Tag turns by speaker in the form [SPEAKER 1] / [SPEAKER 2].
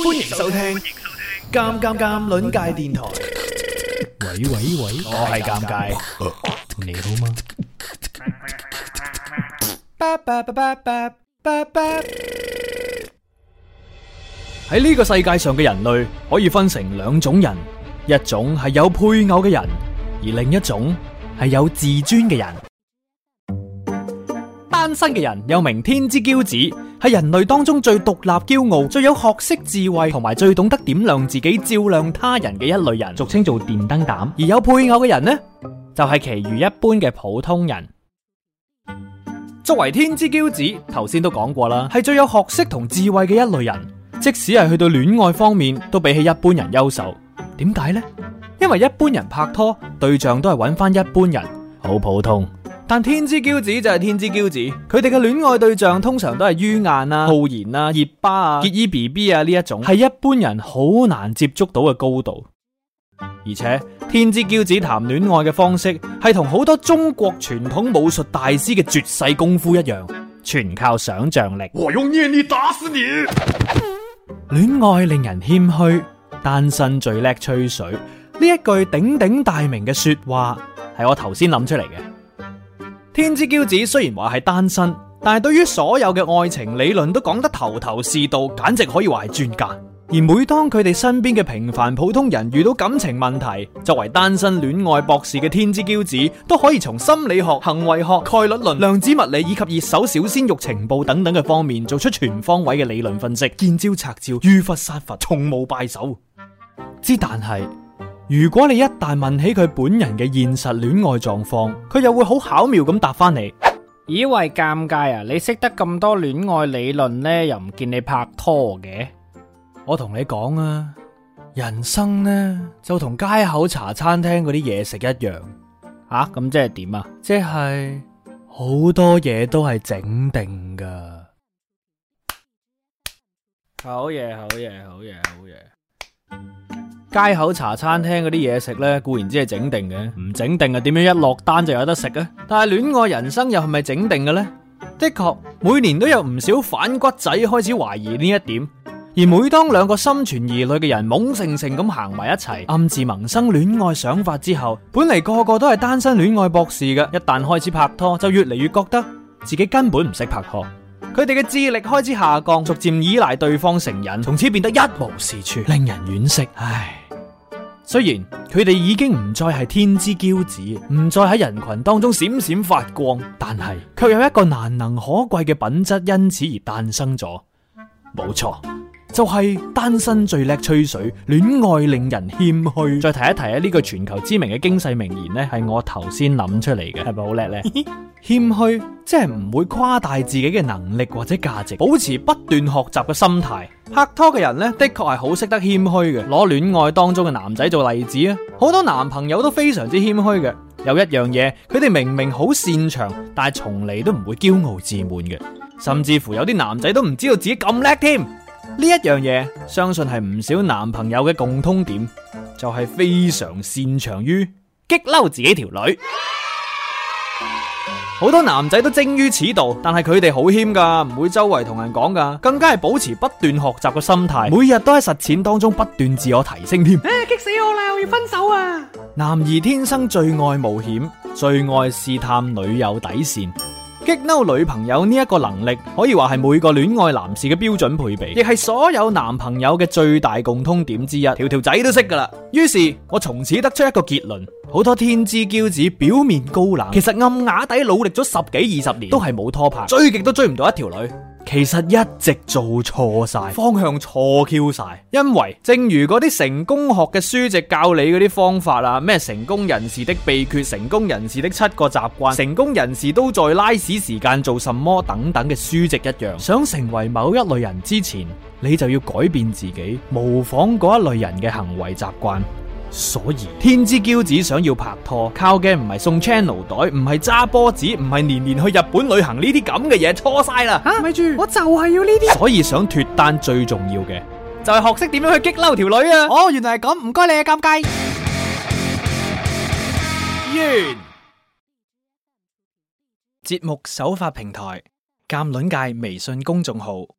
[SPEAKER 1] 歡迎收聽《尷尷尷》論界電台。喂喂喂，喂喂我係尷尬。你好嗎？喺 呢個世界上嘅人類可以分成兩種人，一種係有配偶嘅人，而另一種係有自尊嘅人。單身嘅人又名天之驕子，係人類當中最獨立、驕傲、最有學識、智慧同埋最懂得點亮自己、照亮他人嘅一類人，俗稱做電燈膽。而有配偶嘅人呢，就係、是、其馀一般嘅普通人。作為天之驕子，頭先都講過啦，係最有學識同智慧嘅一類人。即使係去到戀愛方面，都比起一般人優秀。點解呢？因為一般人拍拖對象都係揾翻一般人，好普通。但天之驕子就係天之驕子，佢哋嘅戀愛對象通常都係于彥啊、浩然啊、熱巴啊、結衣 BB 啊呢一種，係一般人好難接觸到嘅高度。而且天之驕子談戀愛嘅方式係同好多中國傳統武術大師嘅絕世功夫一樣，全靠想象力。我用念力打死你！戀愛令人謙虛，單身最叻吹水。呢一句鼎鼎大名嘅說話係我頭先諗出嚟嘅。天之驕子雖然話係單身，但係對於所有嘅愛情理論都講得頭頭是道，簡直可以話係專家。而每當佢哋身邊嘅平凡普通人遇到感情問題，作為單身戀愛博士嘅天之驕子，都可以從心理學、行為學、概率論、量子物理以及熱搜小鮮肉情報等等嘅方面，做出全方位嘅理論分析，見招拆招，遇佛殺佛，從無敗手。之但係。如果你一旦問起佢本人嘅現實戀愛狀況，佢又會好巧妙噉答返你。以為尷尬呀，你識得咁多戀愛理論呢，又唔見你拍拖嘅？我同你講啊，人生呢，就同街口茶餐廳嗰啲嘢食一樣，吓？噉即係點啊？即係好多嘢都係整定㗎。好嘢，好嘢，好嘢，好嘢。街口茶餐廳嗰啲嘢食呢，固然只係整定嘅，唔整定啊，點樣一落單就有得食啊？但係戀愛人生又係咪整定嘅呢？的確，每年都有唔少反骨仔開始懷疑呢一點。而每當兩個心存疑慮嘅人懵盛盛咁行埋一齊，暗自萌生戀愛想法之後，本嚟個個都係單身戀愛博士嘅，一旦開始拍拖，就越嚟越覺得自己根本唔識拍拖。佢哋嘅智力開始下降，逐漸依賴對方成癮，從此變得一無是處，令人惋惜。唉。雖然佢哋已經唔再係天之驕子，唔再喺人群當中閃閃發光，但係卻有一個難能可貴嘅品質因此而誕生咗。冇錯。就係單身最叻吹水，戀愛令人謙虛。再提一提呢、呢個全球知名嘅經濟名言呢，係我頭先諗出嚟嘅，係咪好叻呢？謙虛 即係唔會誇大自己嘅能力或者價值，保持不斷學習嘅心態。拍拖嘅人呢，的確係好識得謙虛嘅。攞戀愛當中嘅男仔做例子啊，好多男朋友都非常之謙虛嘅。有一樣嘢，佢哋明明好擅長，但係從嚟都唔會驕傲自滿嘅，甚至乎有啲男仔都唔知道自己咁叻添。呢一樣嘢，相信係唔少男朋友嘅共通點，就係、是、非常擅長於激嬲自己條女。好 多男仔都精於此道，但係佢哋好謙噶唔會周圍同人講噶更加係保持不斷學習嘅心態，每日都喺實踐當中不斷自我提升添。誒、啊，激死我啦！我要分手啊！男兒天生最愛冒險，最愛試探女友底線。激嬲女朋友呢一個能力，可以話係每個戀愛男士嘅標準配備，亦係所有男朋友嘅最大共通點之一，條條仔都識噶啦。於是我從此得出一個結論：好多天之驕子表面高冷，其實暗啞底努力咗十幾二十年，都係冇拖拍，追極都追唔到一條女。其實一直做錯晒，方向錯 Q 晒。因為正如嗰啲成功學嘅書籍教你嗰啲方法啊，咩成功人士的秘訣、成功人士的七個習慣、成功人士都在拉屎時間做什麼等等嘅書籍一樣，想成為某一類人之前，你就要改變自己，模仿嗰一類人嘅行為習慣。所以天之驕子想要拍拖，靠嘅唔係送 channel 袋，唔係揸波子，唔係年年去日本旅行呢啲咁嘅嘢，錯晒啦！吓，咪住，我就係要呢啲，所以想脫單最重要嘅 就係學識點樣去激嬲條女啊！哦，原來係咁，唔該你啊，尷尬。完。節目首發平台，鑒卵界微信公眾號。